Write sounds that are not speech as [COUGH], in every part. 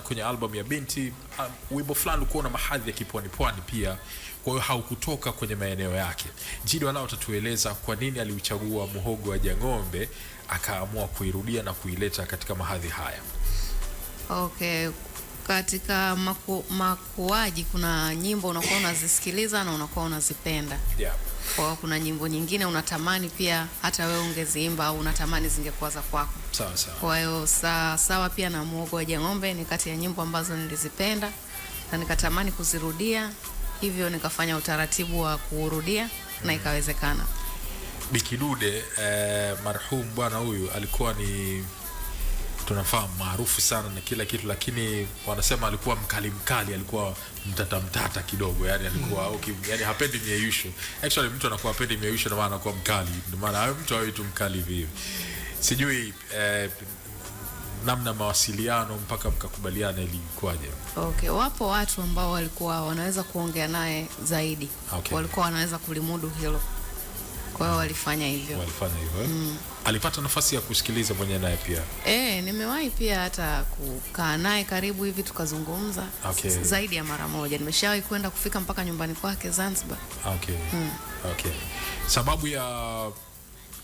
kwenye album ya Binti uh, wimbo fulani ulikuwa na mahadhi ya kipwani pwani pia, kwa hiyo haukutoka kwenye maeneo yake. Jidwa nao tatueleza kwa nini aliuchagua muhogo wa Jang'ombe akaamua kuirudia na kuileta katika mahadhi haya. Okay, katika maku, makuaji kuna nyimbo unakuwa unazisikiliza na unakuwa unazipenda, yeah. Kwa kuna nyimbo nyingine unatamani pia hata wewe ungeziimba au unatamani zingekuwa za kwako. Sawa sawa. Kwa hiyo sawa sawa, pia na muogo wa Jang'ombe ni kati ya nyimbo ambazo nilizipenda na nikatamani kuzirudia, hivyo nikafanya utaratibu wa kurudia na mm. ikawezekana. Bikidude eh, marhum bwana huyu alikuwa ni tunafahamu maarufu sana na kila kitu, lakini wanasema alikuwa mkali mkali, alikuwa mtata mtata kidogo, yani alikuwa hmm. okay, yani hapendi mieyusho. Actually mtu anakuwa hapendi mieyusho, ndio maana anakuwa mkali, ndio maana hayo mtu hayo tu mkali hivi sijui eh, namna mawasiliano mpaka mkakubaliana ilikuwaje? Okay, wapo watu ambao walikuwa wanaweza kuongea naye zaidi. Okay. Walikuwa wanaweza kulimudu hilo kwa hiyo walifanya hivyo, walifanya hivyo. Mm. Alipata nafasi ya kusikiliza mwenye naye pia e, nimewahi pia hata kukaa naye karibu hivi tukazungumza, okay. zaidi ya mara moja nimeshawahi kwenda kufika mpaka nyumbani kwake Zanzibar. Okay. Mm. Okay. Sababu ya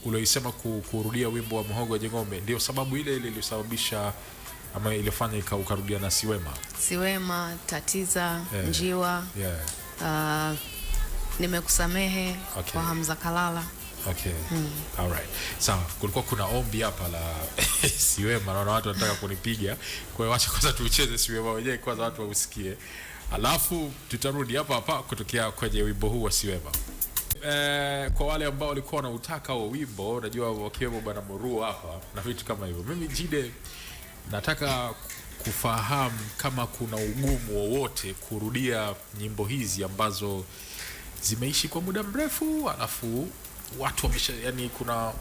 ulioisema kurudia wimbo wa Muhogo wa Jengombe ndio sababu ile ile iliyosababisha ama iliyofanya ukarudia na Siwema, Siwema, Tatiza, yeah. Njiwa, yeah. Uh, nimekusamehe okay. kwa Hamza Kalala Okay. Hmm. All right. Sawa. Kulikuwa kuna ombi hapa la [LAUGHS] Siwema, naona watu wanataka kunipiga. Kwa hiyo wacha kwanza tucheze Siwema wenyewe kwanza watu wausikie. Alafu tutarudi hapa hapa kutokea kwenye wimbo huu wa Siwema. Eh, kwa wale ambao walikuwa wanautaka huo wimbo, unajua wakiwemo bwana Moruo hapa na vitu kama hivyo. Mimi Jide nataka kufahamu kama kuna ugumu wowote kurudia nyimbo hizi ambazo zimeishi kwa muda mrefu, alafu watu wamesha, yani kuna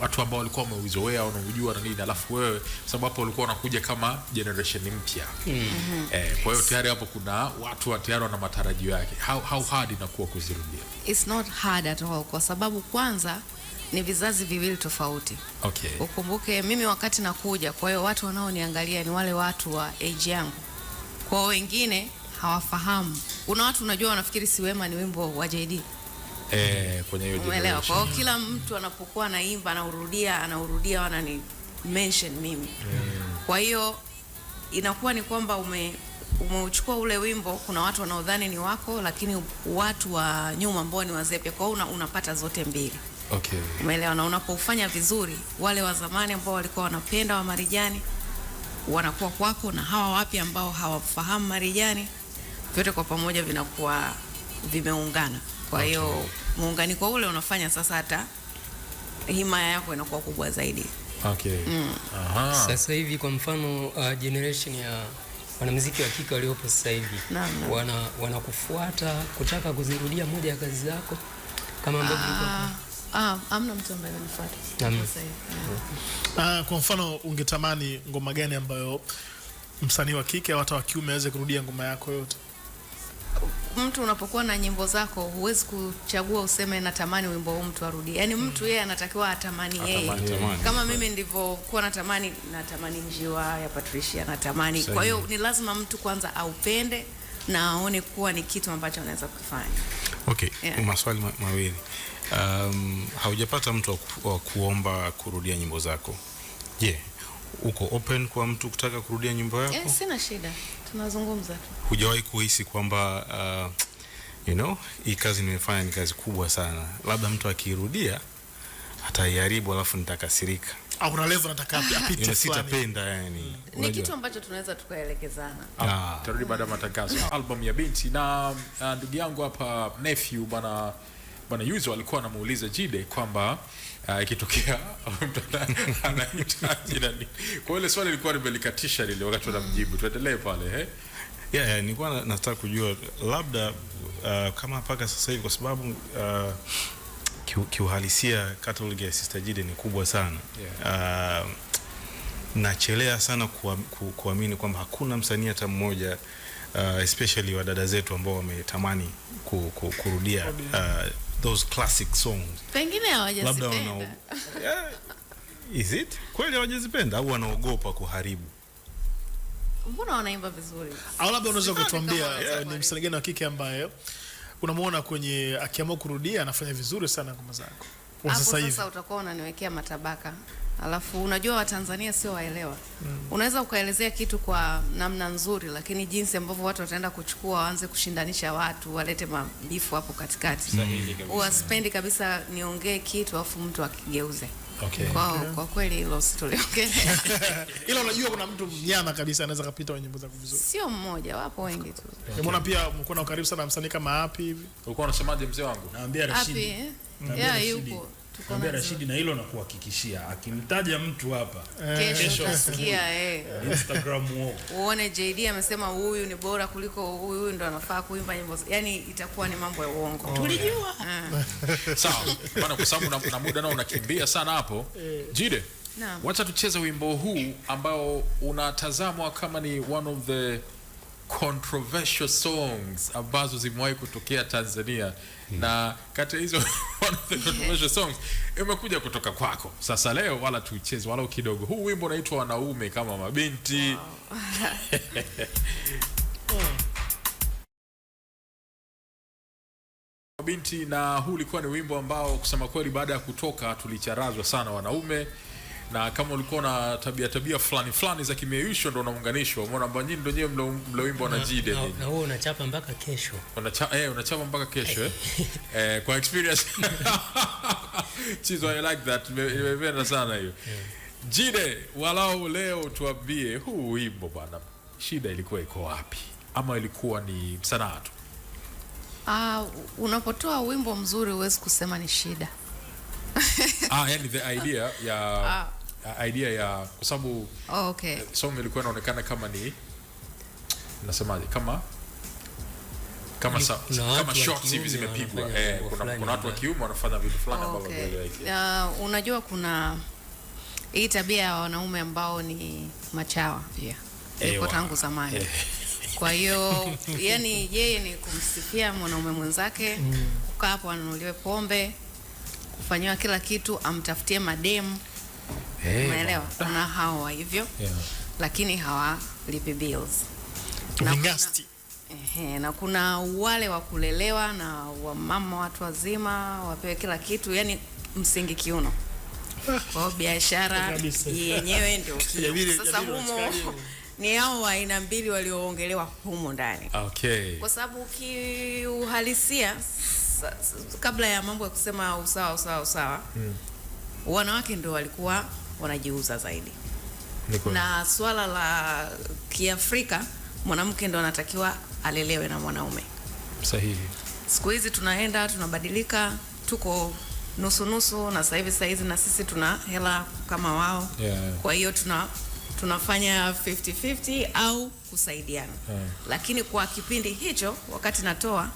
watu ambao walikuwa wameuzoea wanaujua na nini, alafu wewe sababu hapo walikuwa wanakuja kama generation mpya mm. Eh, kwa hiyo tayari hapo kuna watu tayari wana matarajio yake. How, how hard inakuwa kuzirudia? It's not hard at all, kwa sababu kwanza ni vizazi viwili tofauti. Okay. Ukumbuke mimi wakati nakuja, kwa hiyo watu wanaoniangalia ni wale watu wa age yangu, kwa wengine hawafahamu. kuna watu unajua, wanafikiri si wema ni wimbo wa JD eh, kwenye hiyo umeelewa. Kwa hiyo kila mtu anapokuwa anaimba anaurudia anaurudia, wanani mention mimi yeah. Kwa hiyo inakuwa ni kwamba ume umeuchukua ule wimbo, kuna watu wanaodhani ni wako, lakini watu wa nyuma ambao ni wazee pia. Kwa hiyo una, unapata zote mbili okay. Umeelewa, na unapofanya vizuri, wale wa zamani ambao walikuwa wanapenda wa Marijani wanakuwa kwako, na hawa wapya ambao hawafahamu Marijani vyote kwa pamoja vinakuwa vimeungana. Kwa hiyo okay, muunganiko ule unafanya sasa hata himaya yako inakuwa kubwa zaidi. Okay. Mm. Aha. Sasa hivi kwa mfano uh, generation ya wanamuziki wa kike waliopo sasa hivi wana wanakufuata kutaka kuzirudia moja ya kazi zako kama ambavyo Ah, ah amna mtu ambaye ah, kwa mfano ungetamani ngoma gani ambayo msanii wa kike au hata wa kiume aweze kurudia ngoma yako yote? mtu unapokuwa na nyimbo zako huwezi kuchagua useme natamani wimbo huu mtu arudi. Yaani mtu yeye anatakiwa atamani yeye. Kama mimi ndivyokuwa natamani natamani njiwa ya Patricia natamani. Kwa hiyo ni lazima mtu kwanza aupende na aone kuwa ni kitu ambacho anaweza kufanya Okay, yeah. Maswali ma mawili. Um, haujapata mtu wa ku, kuomba kurudia nyimbo zako. Je, yeah uko open kwa mtu kutaka kurudia nyumba yako? Eh, sina shida, tunazungumza tu. Hujawahi kuhisi kwamba uh, you know, hii kazi nimefanya ni kazi kubwa sana, labda mtu akirudia ataiharibu, alafu nitakasirika au na level nataka apite, sitapenda yani. Mm. Ni kitu ambacho tunaweza tukaelekezana. Ah, tarudi baada ya matangazo, album ya binti na uh, ndugu yangu hapa nephew bana bwana Yuzo alikuwa anamuuliza Jide kwamba ah, ikitokea mtu [LAUGHS] anahitaji nani. Kwa ile swali lilikuwa limelikatisha lile wakati wanamjibu, tuendelee pale eh. Yeah, yeah, nilikuwa nataka kujua labda uh, kama mpaka sasa hivi kwa sababu uh, kiuhalisia catalog ya Sister Jide ni kubwa sana yeah. Uh, nachelea sana kuamini kwamba hakuna msanii hata mmoja uh, especially wa dada zetu ambao wametamani ku, ku, kurudia uh, those classic songs. Pengine hawajazipenda. Labda wana yeah. Is it? Kweli hawajazipenda au wanaogopa kuharibu? Mbona wanaimba vizuri? Au labda unaweza kutuambia eh, ni msanii gani wa kike ambaye unamwona kwenye akiamua kurudia anafanya vizuri sana ngoma zako? Sasa hivi. Sasa utakuwa unaniwekea matabaka. Alafu unajua Watanzania sio waelewa mm. Unaweza ukaelezea kitu kwa namna nzuri, lakini jinsi ambavyo watu wataenda kuchukua, waanze kushindanisha watu, walete mabifu hapo katikati huwa mm. Sipendi kabisa niongee kitu alafu mtu akigeuze Okay. Kwa, yeah. Mm-hmm. Kwa kweli hilo situliongelea. [LAUGHS] Ila unajua kuna mtu mnyama kabisa anaweza kupita kwenye nyimbo zako vizuri. Sio mmoja, wapo wengi tu. Eh, mbona pia mko na ukaribu sana msanii kama Hapi hivi? Ulikuwa unasemaje mzee wangu? Naambia Rashidi. Hapi. Eh? Yeah, yupo. Mwambia Rashidi na hilo na kuhakikishia akimtaja mtu hapa eh, kesho utasikia eh, eh Instagram wao uone JD amesema huyu ni bora kuliko huyu, huyu ndo anafaa kuimba nyimbo, yani itakuwa ni mambo ya uongo. Oh, tulijua eh. [LAUGHS] sawa bana, kwa sababu na muda nao unakimbia sana hapo. Jide, Naam. wacha tucheze wimbo huu ambao unatazamwa kama ni one of the controversial songs ambazo zimewahi kutokea Tanzania. Mm. na kati ya hizo [LAUGHS] one of the controversial songs imekuja kutoka kwako. Sasa leo wala tucheze wala kidogo. Huu wimbo unaitwa wanaume kama mabinti wow. [LAUGHS] Mabinti, na huu ulikuwa ni wimbo ambao kusema kweli, baada ya kutoka tulicharazwa sana wanaume na kama ulikuwa na tabia tabia fulani fulani za kimeyushwa ndo unaunganishwa. Umeona mbona nyinyi ndio nyewe mlawimbo na jide na, na wewe unachapa mpaka kesho unachapa eh, unachapa mpaka kesho eh, [LAUGHS] eh kwa experience Chizo, [LAUGHS] I like that, nimependa sana hiyo Jide. Walau leo tuambie huu wimbo bwana, shida ilikuwa iko wapi, ama ilikuwa ni sanaa tu? ah Uh, unapotoa wimbo mzuri huwezi kusema ni shida. Ah, yani the idea ya ah, Uh, idea ya kwa sababu oh, okay. Uh, song ilikuwa inaonekana kama ni nasemaje kama kama sa, kama hivi zimepigwa eh, kuna kuna watu wa kiume wanafanya vitu fulani oh, ambavyo uh, Unajua kuna hii tabia ya wanaume ambao ni machawa pia eh, ipo tangu zamani. Eh. Kwa hiyo [LAUGHS] yani, yeye ni kumsifia mwanaume mwenzake mm. kukaa hapo ananuliwe pombe kufanyiwa kila kitu amtafutie mademu umeelewa? Kuna hao wa hivyo yeah, lakini hawalipi bills kuna, Ehe, na kuna wale wa kulelewa na wamama watu wazima wapewe kila kitu, yani msingi kiuno ah. kwao, biashara yenyewe ndio [LAUGHS] sasa humo [LAUGHS] ni hao wa aina mbili walioongelewa humu ndani okay. Kwa sababu kiuhalisia, kabla ya mambo ya kusema usawa usawa usawa mm wanawake ndio walikuwa wanajiuza zaidi Nikoli. Na swala la Kiafrika mwanamke ndo anatakiwa alelewe na mwanaume sahihi. Siku hizi tunaenda tunabadilika, tuko nusu nusu, na sasa hivi sasa hizi na sisi tuna hela kama wao yeah. Kwa hiyo tuna tunafanya 50-50 au kusaidiana yeah. Lakini kwa kipindi hicho wakati natoa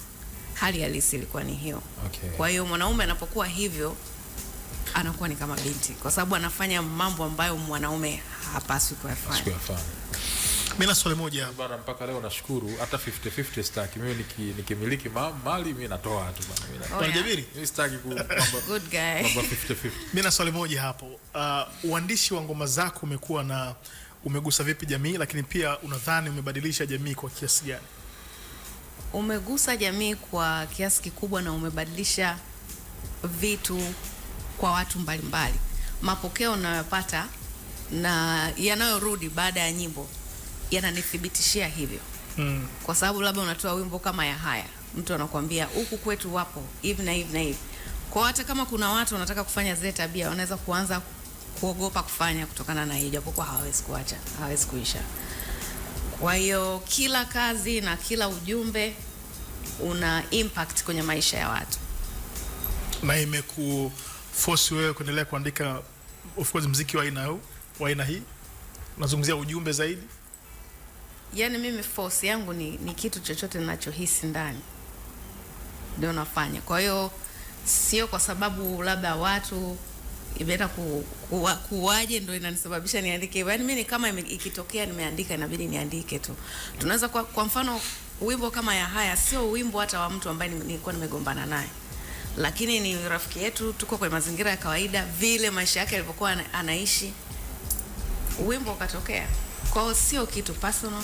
hali halisi ilikuwa ni hiyo okay. Kwa hiyo mwanaume anapokuwa hivyo anakuwa ni kama binti, kwa sababu anafanya mambo ambayo mwanaume hapaswi kuyafanya. Mimi na swali moja bana, mpaka leo nashukuru hata 50 50 staki mimi nikimiliki mali mimi natoa tu bana. Mimi oh, Jabiri, mimi staki ku mambo [LAUGHS] good guy. mambo 50 50. Mimi na swali moja hapo, uh, uandishi wa ngoma zako umekuwa na umegusa vipi jamii, lakini pia unadhani umebadilisha jamii kwa kiasi gani? Umegusa jamii kwa kiasi kikubwa na umebadilisha vitu kwa watu mbalimbali mbali. Mapokeo unayopata na yanayorudi baada ya nyimbo yananithibitishia hivyo mm. Kwa sababu labda unatoa wimbo kama ya haya, mtu anakuambia huku kwetu wapo hivi na hivi na hivi. Kwa hata kama kuna watu wanataka kufanya zile tabia, wanaweza kuanza kuogopa kufanya kutokana na hiyo, japokuwa hawawezi kuacha, hawawezi kuisha. Kwa hiyo kila kazi na kila ujumbe una impact kwenye maisha ya watu na imeku force wewe kuendelea kuandika of course mziki wa aina huu wa aina hii? Unazungumzia ujumbe zaidi? Yani mimi force yangu ni, ni kitu chochote ninachohisi ndani ndio nafanya. Kwa hiyo sio kwa sababu labda watu imeenda ku, ku, kuwaje ndio inanisababisha niandike. Yani mimi kama ikitokea nimeandika inabidi niandike tu. Tunaweza kwa, kwa mfano wimbo kama ya haya sio wimbo hata wa mtu ambaye nilikuwa nimegombana naye lakini ni rafiki yetu, tuko kwenye mazingira ya kawaida vile maisha yake alivyokuwa anaishi. Wimbo ukatokea kwao, sio kitu personal,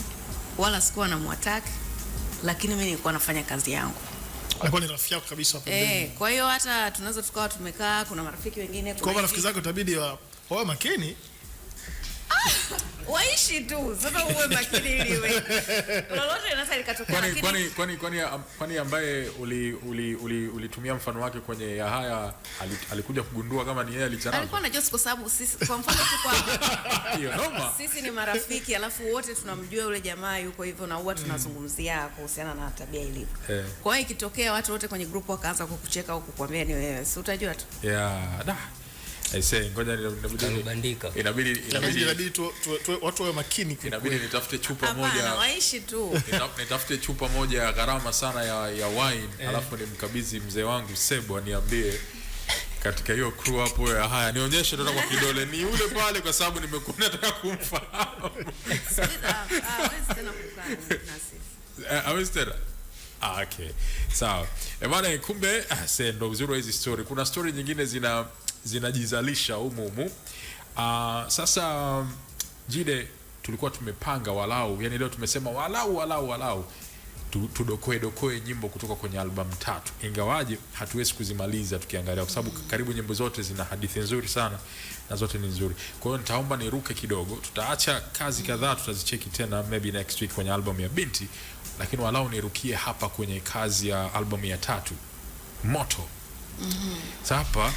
wala sikuwa na mwataki, lakini mimi nilikuwa nafanya kazi yangu. Alikuwa ni rafiki yako kabisa hapo mbele. Eh, kwa hiyo hata tunaweza tukawa tumekaa, kuna marafiki wengine, kwa marafiki zako itabidi wawe makini ah! waishi tu sasa, uwe makini ili wewe lolote linaweza likatokea. Kwani kwani kwani kwani kwani ambaye ulitumia uli, uli, uli mfano wake kwenye ya haya alikuja kugundua kama ni yeye alichana, alikuwa anajua, kwa sababu sisi kwa mfano tu kwa [LAUGHS] hiyo noma, sisi ni marafiki, alafu wote tunamjua yule jamaa yuko hivyo, na huwa tunazungumzia kuhusiana na tabia ilivyo. Yeah. Kwa hiyo ikitokea watu wote kwenye group wakaanza kukucheka au kukwambia ni wewe, si utajua tu yeah da watu wawe makini, inabidi nitafute chupa moja, waishi tu, nitafute chupa moja ya gharama sana ya, ya wine eh, alafu nimkabidhi mzee wangu Sebo aniambie katika hiyo crew hapo ya haya, nionyeshe ndio kwa kidole ni yule pale, kwa sababu nimekuwa nataka kumfahamu. Ah, eh, hawezi tena. Ah, okay. Sawa. So, eh, e bwana, kumbe ah, ndo uzuri wa hizi story. Kuna story nyingine zina zinajizalisha humu humu. Uh, sasa Jide, tulikuwa tumepanga walau, yani leo tumesema walau walau walau tudokoe dokoe nyimbo kutoka kwenye albamu tatu, ingawaje hatuwezi kuzimaliza tukiangalia, kwa sababu karibu nyimbo zote zina hadithi nzuri sana na zote ni nzuri. Kwa hiyo nitaomba niruke kidogo, tutaacha kazi kadhaa, tutazicheki tena maybe next week kwenye albamu ya Binti, lakini walau nirukie hapa kwenye kazi ya albamu ya tatu Moto. mm -hmm. Sasa hapa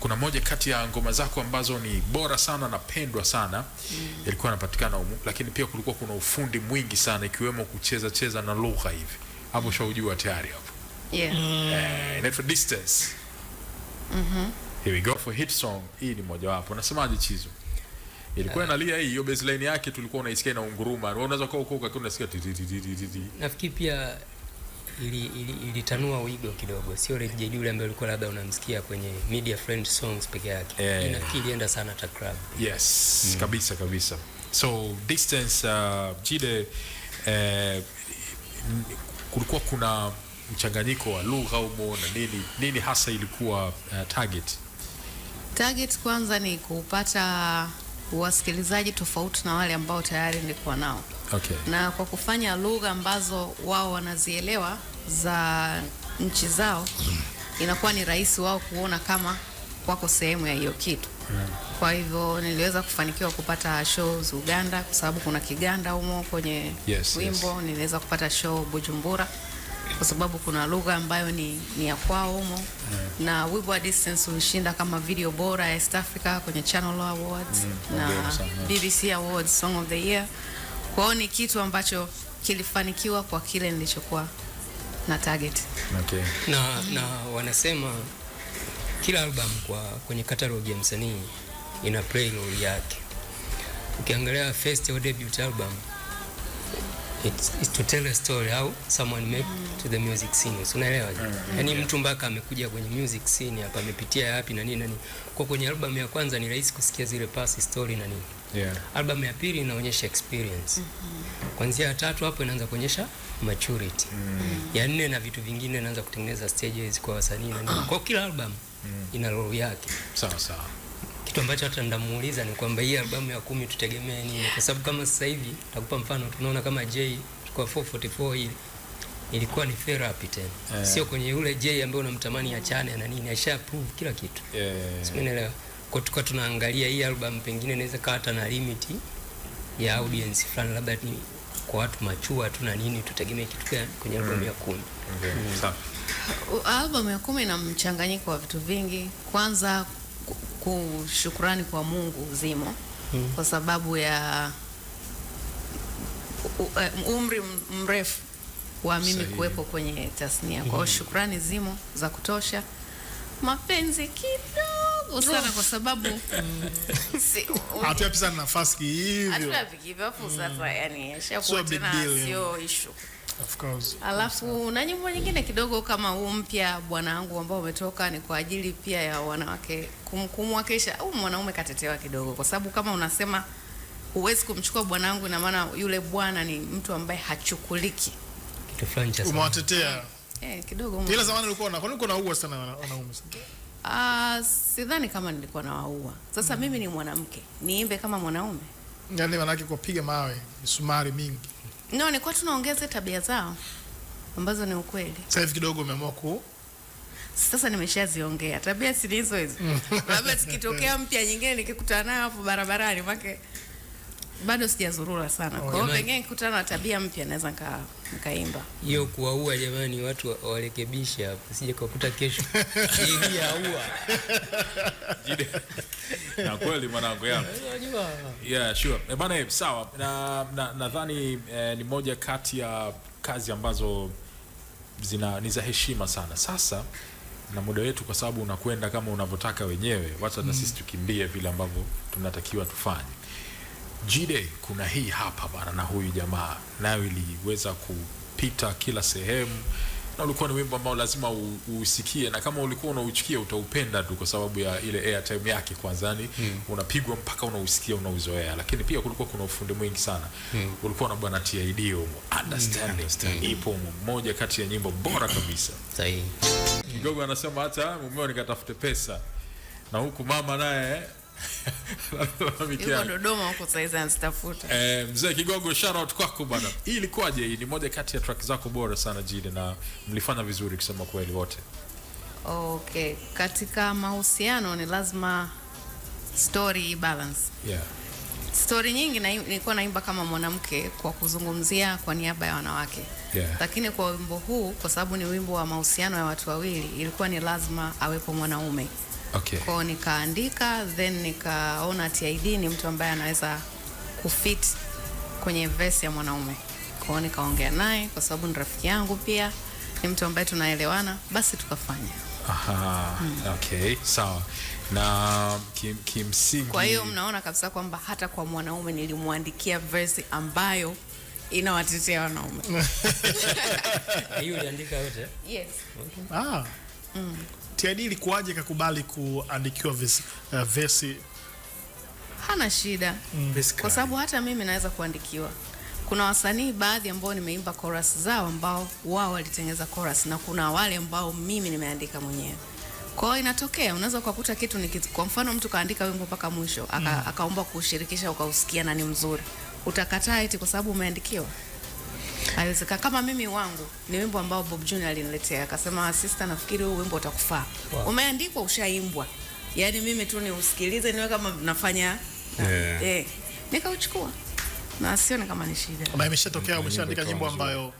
kuna moja kati ya ngoma zako ambazo ni bora sana napendwa sana mm. ilikuwa mm. inapatikana humu, lakini pia kulikuwa kuna ufundi mwingi sana ikiwemo kucheza cheza na lugha hivi hapo, mm. shaujua tayari hapo. Yeah. Mm. Eh, inaitwa Distance. Mhm. Mm Here we go for hit song. Hii ni moja wapo. Nasemaje Chizo? Ilikuwa eh. inalia hii, hiyo baseline yake tulikuwa unaisikia na unguruma. Unaweza kuwa uko uko unasikia ti ti ti. Nafikiri pia ilitanua ili, ili wigo kidogo, sio Lady Jaydee yule ambaye ulikuwa labda unamsikia kwenye media friend songs peke yake yeah. Inafikiri ilienda sana ta club yes mm. kabisa kabisa so distance uh, Jide eh, kulikuwa kuna mchanganyiko wa lugha umo na nini nini hasa ilikuwa uh, target target kwanza ni kupata wasikilizaji tofauti na wale ambao tayari nilikuwa nao okay. Na kwa kufanya lugha ambazo wao wanazielewa za nchi zao, inakuwa ni rahisi wao kuona kama wako sehemu ya hiyo kitu. Kwa hivyo niliweza kufanikiwa kupata shows Uganda kwa sababu kuna Kiganda humo kwenye yes, wimbo yes. Niliweza kupata show Bujumbura kwa sababu kuna lugha ambayo ni, ni ya kwao humo mm. na wimbo wa Distance ulishinda kama video bora ya East Africa kwenye Channel Awards mm. na BBC Awards Song of the Year. Kwa ni kitu ambacho kilifanikiwa kwa kile nilichokuwa na target. Okay. Na, na wanasema kila album kwa kwenye catalog ya msanii ina play role yake. Ukiangalia first or debut album It's, it's to tell a story how someone make to the music scene. Unaelewa? Mm-hmm. Yaani mtu mpaka amekuja kwenye music scene hapa amepitia yapi na nini na nini. Kwa kwenye album ya kwanza ni rahisi kusikia zile past story na nini. Yeah. Album ya pili inaonyesha experience. Mm-hmm. Kuanzia ya tatu hapo inaanza kuonyesha maturity. Mm. Ya nne na vitu vingine inaanza kutengeneza stages kwa wasanii na nini. Ah. Kwa kila album mm. ina role yake. Sawa sawa. Kitu ambacho hata ndamuuliza ni kwamba hii albamu ya kumi tutegemee nini, kwa sababu kama sasa hivi nakupa mfano, tunaona kama J kwa 444 hii ilikuwa ni therapy tena, yeah. Sio kwenye yule J ambaye unamtamani achane na nini, asha prove kila kitu yeah. Sio nielewa kwa tukao tunaangalia hii album pengine inaweza kawa hata na limit ya audience fulani, labda ni kwa watu machua tu na nini, tutegemee kitu gani kwenye mm. albamu ya kumi? Okay. Mm. Albamu ya kumi ina mchanganyiko wa vitu vingi, kwanza kushukurani kwa Mungu zimo mm. kwa sababu ya eh, umri mrefu wa mimi kuwepo kwenye tasnia. Kwa hiyo hmm. shukrani zimo za kutosha, mapenzi kidogo sana kwa sababu [LAUGHS] hmm. hatuyapi nafasi hivyo, hatuyapi hivyo, hmm. sasa yani sio issue Of course. Alafu na nyimbo nyingine kidogo kama huu mpya bwana wangu ambao umetoka ni kwa ajili pia ya wanawake kumwakilisha au mwanaume katetewa kidogo, kwa sababu kama unasema huwezi kumchukua bwana wangu, ina maana yule bwana ni mtu ambaye hachukuliki. Kitu fulani cha Umewatetea eh, eh kidogo. Ila zamani ulikuwa na kwa nini uko naua sana wanaume sana. Ah, sidhani kama nilikuwa nawaua. Sasa mm. mimi ni mwanamke niimbe kama mwanaume, yaani wanawake kupiga mawe misumari mingi No, kwa tunaongeza tabia zao ambazo ni ukweli. Sasa hivi kidogo umeamua ku sasa nimeshaziongea tabia si hizo hizo, mm. labda zikitokea mpya nyingine nikikutana nayo hapo barabarani make bado sijazurura sana. Oh, kwa hiyo pengine nikutana na tabia mpya naweza nikaimba. Hiyo kuwaua jamani, watu warekebisha hapo, sije kukuta kesho [LAUGHS] aua na kweli mwanangu yangu. Yeah, sure. E bana, eh, sawa. Na nadhani na eh, ni moja kati ya kazi ambazo zina ni za heshima sana. Sasa na muda wetu kwa sababu unakwenda kama unavyotaka wenyewe, wacha na sisi mm. tukimbie vile ambavyo tunatakiwa tufanye. Jide, kuna hii hapa bana, na huyu jamaa nayo iliweza kupita kila sehemu, na ulikuwa ni wimbo ambao lazima usikie, na kama ulikuwa unauchukia utaupenda tu kwa sababu ya ile airtime yake kwanza, yani mm. unapigwa mpaka unausikia unauzoea, lakini pia kulikuwa kuna ufundi mwingi sana mm. ulikuwa na bwana TID umo hmm, understanding mm. ipo umo, mmoja kati ya nyimbo bora kabisa sahihi. Kigogo anasema hata mumeo nikatafute pesa na huku mama naye Eh, mzee Kigogo, shout kwako bwana. Hii ilikuwaje? Hii ni moja kati ya track zako bora sana jili na mlifanya vizuri kusema kweli wote. Okay, katika mahusiano ni lazima story balance. Yeah. Story nyingi nilikuwa na, naimba kama mwanamke kwa kuzungumzia kwa niaba ya wanawake. Yeah. Lakini kwa wimbo huu kwa sababu ni wimbo wa mahusiano ya watu wawili ilikuwa ni lazima awepo mwanaume. Okay. Kwao nikaandika then nikaona TID ni mtu ambaye anaweza kufit kwenye vesi ya mwanaume. Kwao nikaongea naye kwa sababu ni rafiki yangu pia ni mtu ambaye tunaelewana, basi tukafanya. Aha, hmm. Okay, sawa. Na kim, kimsingi kwa hiyo mnaona kabisa kwamba hata kwa mwanaume nilimwandikia vesi ambayo inawatetea wanaume. [LAUGHS] Hiyo uliandika yote? Yes. Ah. Mm. Teddy ilikuwaje kakubali kuandikiwa vesi, uh, vesi? Hana shida mm. Kwa sababu hata mimi naweza kuandikiwa. Kuna wasanii baadhi ambao nimeimba chorus zao ambao wao walitengeza chorus na kuna wale ambao mimi nimeandika mwenyewe. Kwa hiyo inatokea unaweza ukakuta kitu ni kitu. Kwa mfano mtu kaandika wimbo mpaka mwisho aka, mm. akaomba kushirikisha ukausikia na ni mzuri, utakataa eti kwa sababu umeandikiwa? Haiwezeka. Kama mimi wangu ni wimbo ambao Bob Junior aliniletea akasema, sister, nafikiri huu wimbo utakufaa. Wow. Umeandikwa, ushaimbwa, yaani mimi tu niusikilize niwe kama nafanya yeah. Eh, nikauchukua na sioni kama ni shida. Na imeshatokea umeshaandika nyimbo ambayo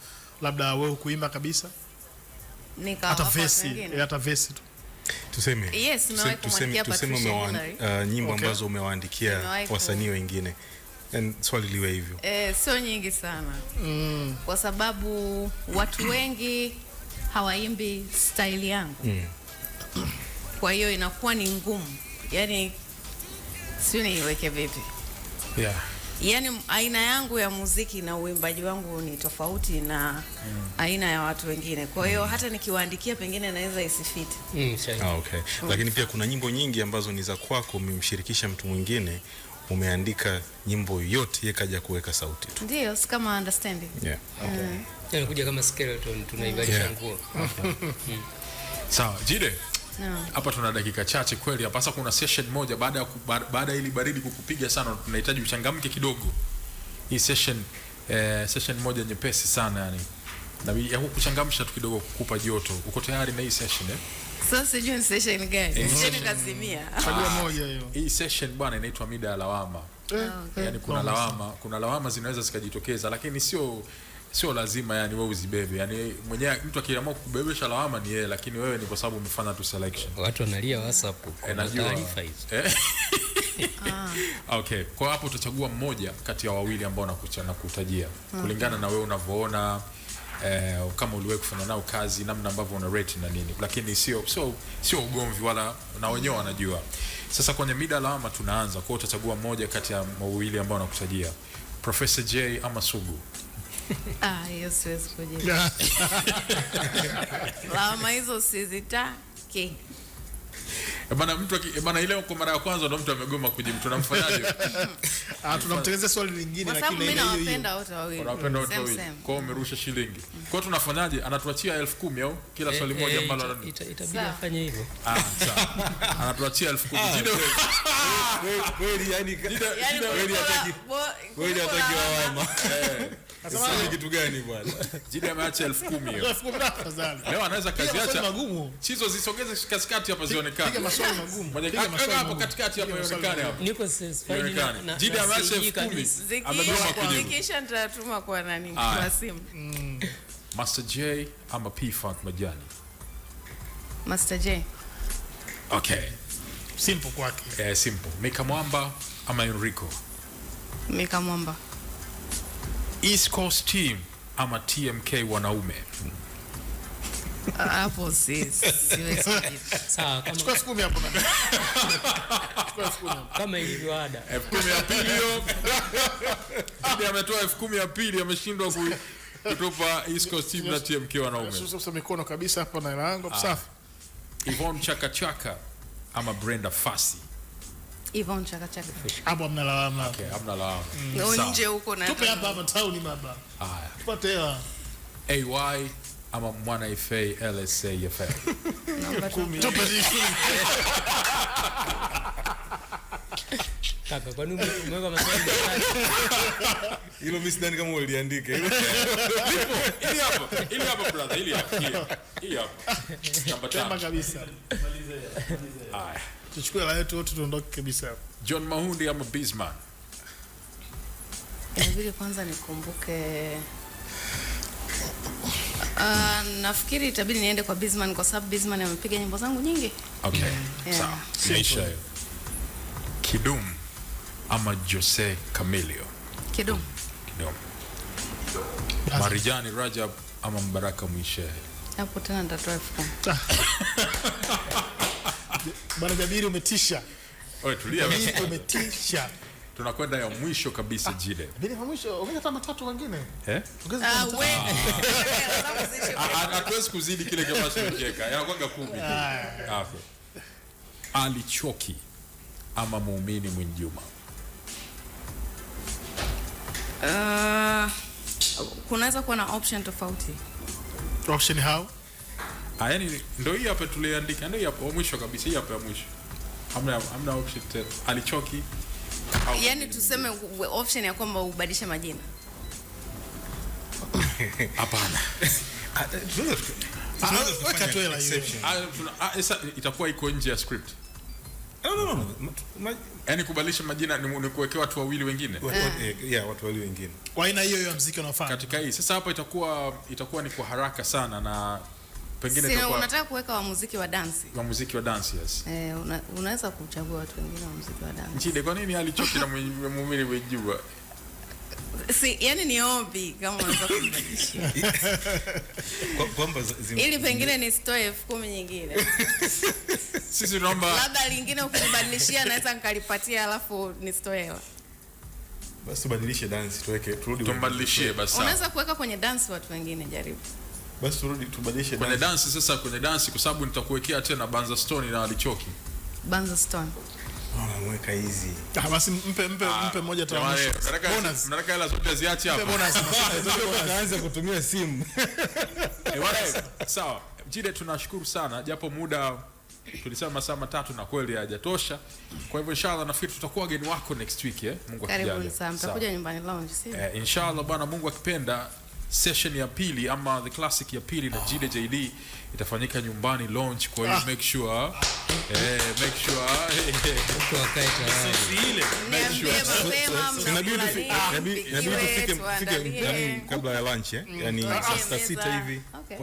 labda wewe hukuimba kabisa, Nika hata vesi eh, hata vesi tu tuseme, yes, tuseme, tuseme, tuseme umewa, uh, nyimbo okay, ambazo umewaandikia wasanii wengine Yaani swali liwe hivyo e, sio nyingi sana mm. Kwa sababu watu wengi hawaimbi staili yangu mm. Kwa hiyo inakuwa ni ngumu, yani sio niiweke vipi yeah. Yani aina yangu ya muziki na uimbaji wangu ni tofauti na mm. aina ya watu wengine, kwa hiyo mm. hata nikiwaandikia pengine naweza isifiti mm, ah, okay. mm. Lakini pia kuna nyimbo nyingi ambazo ni za kwako, umemshirikisha mtu mwingine umeandika nyimbo yote, yeye kaja kuweka sauti tu. Ndio, si kama understanding. Yeah. Mm. Okay. Mm. Yanakuja kama skeleton tunaibadilisha nguo. [LAUGHS] Mm. Sawa, Jide. No. Hapa Tuna dakika chache kweli hapa sasa. Kuna session moja baada ya baada ili baridi kukupiga sana, tunahitaji uchangamke kidogo. Hii session eh, session moja nyepesi sana yani, na ya kuchangamsha tu kidogo, kukupa joto. Uko tayari na hii session eh? Sasa sijui ni session gani? Eh, session kazimia. Chagua ah. moja hiyo. Hii session bwana inaitwa mida ya lawama. Eh, ah, eh, okay. Yaani kuna lawama, kuna lawama zinaweza zikajitokeza lakini sio sio lazima yani wewe uzibebe. Yani mwenyewe mtu akiamua kukubebesha lawama ni yeye, lakini wewe ni kwa sababu umefanya tu selection. Watu wanalia WhatsApp kwa taarifa hizo. ah. [LAUGHS] Okay, kwa hapo utachagua mmoja kati ya wawili ambao nakutajia ah. kulingana na wewe unavyoona eh, kama uliwahi kufanya nao kazi, namna ambavyo una rate na nini, lakini sio sio sio ugomvi, wala na wenyewe wanajua. Sasa kwenye mida lawama tunaanza kwa utachagua moja kati ya mawili ambao nakutajia, Professor J ama Sugu. [LAUGHS] Ah, hiyo siwezi kujibu. [LAUGHS] Lawama hizo sizitaki. Bana eh, mtu bana, eh, ile kwa mara ya kwanza ndo mtu amegoma kujibu, tunamfanyaje? [LAUGHS] Ah, tunamtengenezea swali lingine, lakini mimi nawapenda wote wawili, nawapenda wote wawili. Kwa hiyo umerusha shilingi, mm. kwa hiyo tunafanyaje? Anatuachia elfu kumi au kila eh, swali moja ambalo anani, itabidi afanye hivyo. Ah, sawa, [LAUGHS] anatuachia elfu kumi ah, Jide kweli, [LAUGHS] yani kweli hataki kweli hataki wawama ni kitu gani bwana? [LAUGHS] Jidi ameacha elfu hiyo. Elfu kumi tafadhali. Leo anaweza kaziacha. Magumu. Chizo zisogeze katikati hapa zionekane. Piga maswali magumu. Moja hapo katikati hapa ionekane hapo. Niko satisfied na Jidi ameacha elfu Amegoma kujibu. Zikisha nitatuma kwa nani? Kwa simu. Mm. Master J ama P Funk Majani? Master J. Okay. Simple kwake. Eh, simple. Mika Mwamba ama Enrico? Mika Mwamba. East Coast Team ama TMK wanaume hapo kama ilivyo ada, elfu ya pili hiyo ametoa elfu kumi ya pili ameshindwa kutupa East Coast Team na TMK wanaume. Sasa mikono kabisa hapa na hela yangu ah. safi. Yvonne Chakachaka ama Brenda Fasi Yvonne Chaka Chaka. Hapo hamna lawama. Okay, hamna lawama. Mm. Na nje huko na. Tupe hapa hapa town baba. Haya. Tupate AY ama mwana ifa LSA ifa. Tupe hizo. Kaka, kwa nini umeweka maswali? [LAUGHS] Hilo mimi sidhani kama uliandika. [LAUGHS] Hilo hapo. Hilo hapo brother, hilo hapo. Hilo hapo. [LAUGHS] Namba 5 kabisa. Haya, tuchukue la yetu wote tuondoke kabisa. John Mahundi ama Bisman kwanza nikumbuke Uh, nafikiri itabidi niende kwa Bisman kwa sababu Bisman amepiga nyimbo zangu nyingi. Okay. Yeah. Sawa. hiyo. Kidum ama Jose Camilio? Kidum. Kidum. Marijani Rajab ama Mbaraka Mwishe? Hapo tena elfu kumi. [LAUGHS] Bwana Jabiri umetisha. Oye, tulia basi. Umetisha. [LAUGHS] Tunakwenda ya mwisho kabisa ah, jile. Bila ya mwisho, ongeza hata matatu wengine. Eh? Ongeza ah, matatu. Ah. [LAUGHS] Hatuwezi kuzidi kile kile kipashi mjeka. Yanakwanga kumi. Hapo. Alichoki ama muumini Mwinjuma. Ah, uh, kunaweza kuwa na option tofauti. Option how? Ah, yani ndio hii hapa tuliandika, ndio hapo mwisho kabisa, hii hapa ya mwisho. Hamna hamna option tena. Alichoki. Yaani tuseme option ya kwamba ubadilisha majina. [COUGHS] Hapana. Ah, eh, ah, ah, itakuwa iko nje ya script. No, no, no. Yaani kubadilisha majina ni kuwekewa watu wawili wengine. Eh. Eh, yeah, watu wawili wengine. Kwa aina hiyo ya muziki unafanya. Katika hii sasa hapa itakuwa itakuwa ni kwa haraka sana na pengine si unataka kuweka wa muziki wa dance, wa muziki wa dance yes. E, una, unaweza kuchagua watu wengine wa muziki wa dance. Nchide, kwa nini alichoki na muumini wejua Si, yani ni ombi kama unaweza kubadilishia. [LAUGHS] Kwa kwamba ili pengine ni nisitoe elfu kumi nyingine. [LAUGHS] Sisi tunaomba labda lingine ukinibadilishia naweza nikalipatia alafu ni nisitoe hela. Basi tubadilishe dance tuweke turudi. Tumbadilishie basi. Unaweza kuweka kwenye dance watu wengine jaribu basi turudi tubadilishe kwenye dance sasa, kwenye dance kwa sababu nitakuwekea tena Banza Stone na alichoki Banza Stone ah, Mweka hizi. Ah, basi mpe mpe ah, mpe moja tu bonus. Nataka hela zote ziache hapa. Bonus. [LAUGHS] Tunaanza kutumia simu. [LAUGHS] Eh, bwana sawa. Jide, tunashukuru sana japo muda tulisema masaa matatu na kweli hajatosha. Kwa hivyo inshallah nafikiri tutakuwa wageni wako next week eh. Mungu akijalia. Karibu sana. Mtakuja nyumbani lounge, si? Eh, inshallah bwana Mungu akipenda session ya pili ama the classic ya pili na Jide JD itafanyika nyumbani launch. Kwa hiyo ah. make sure eh, make sure kabla ya lunch eh, mm. yani saa sita hivi ah, mm.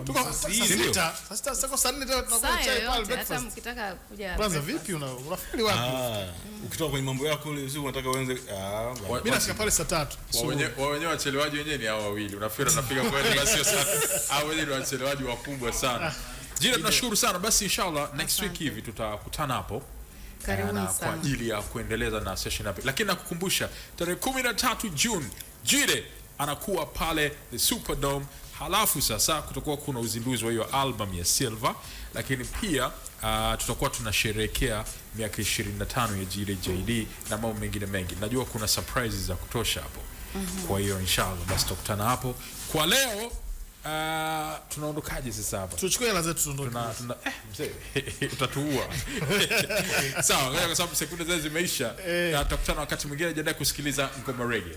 ukitoka kwenye mambo yako unataka uanze, ah, mimi nashika pale saa tatu. Wao wenyewe wachelewaji wenyewe ni hao wawili, unafikiri tunapiga kweli, basi au ni wachelewaji wakubwa sana. Jina, tunashukuru sana basi, inshallah next week hivi tutakutana hapo eh, na kwa ajili ya kuendeleza na session hapo, lakini nakukumbusha tarehe 13 June Jide anakuwa pale the Superdome. Halafu sasa kutakuwa kuna uzinduzi wa hiyo album ya Silver, lakini pia uh, tutakuwa tunasherehekea miaka 25 ya Jide JD na mambo mengine mengi. Najua kuna surprises za kutosha hapo. Mm -hmm. Kwa hiyo inshallah basi tutakutana hapo kwa leo. Uh, tunaondokaje sasa hapa? Tuchukue hela zetu tuondoke. Tuna, tuna eh, mzee [LAUGHS] utatuua. [LAUGHS] Sawa, kwa sababu sekunde zetu zimeisha. Eh. Na tutakutana wakati mwingine, jiandae kusikiliza ngoma reggae.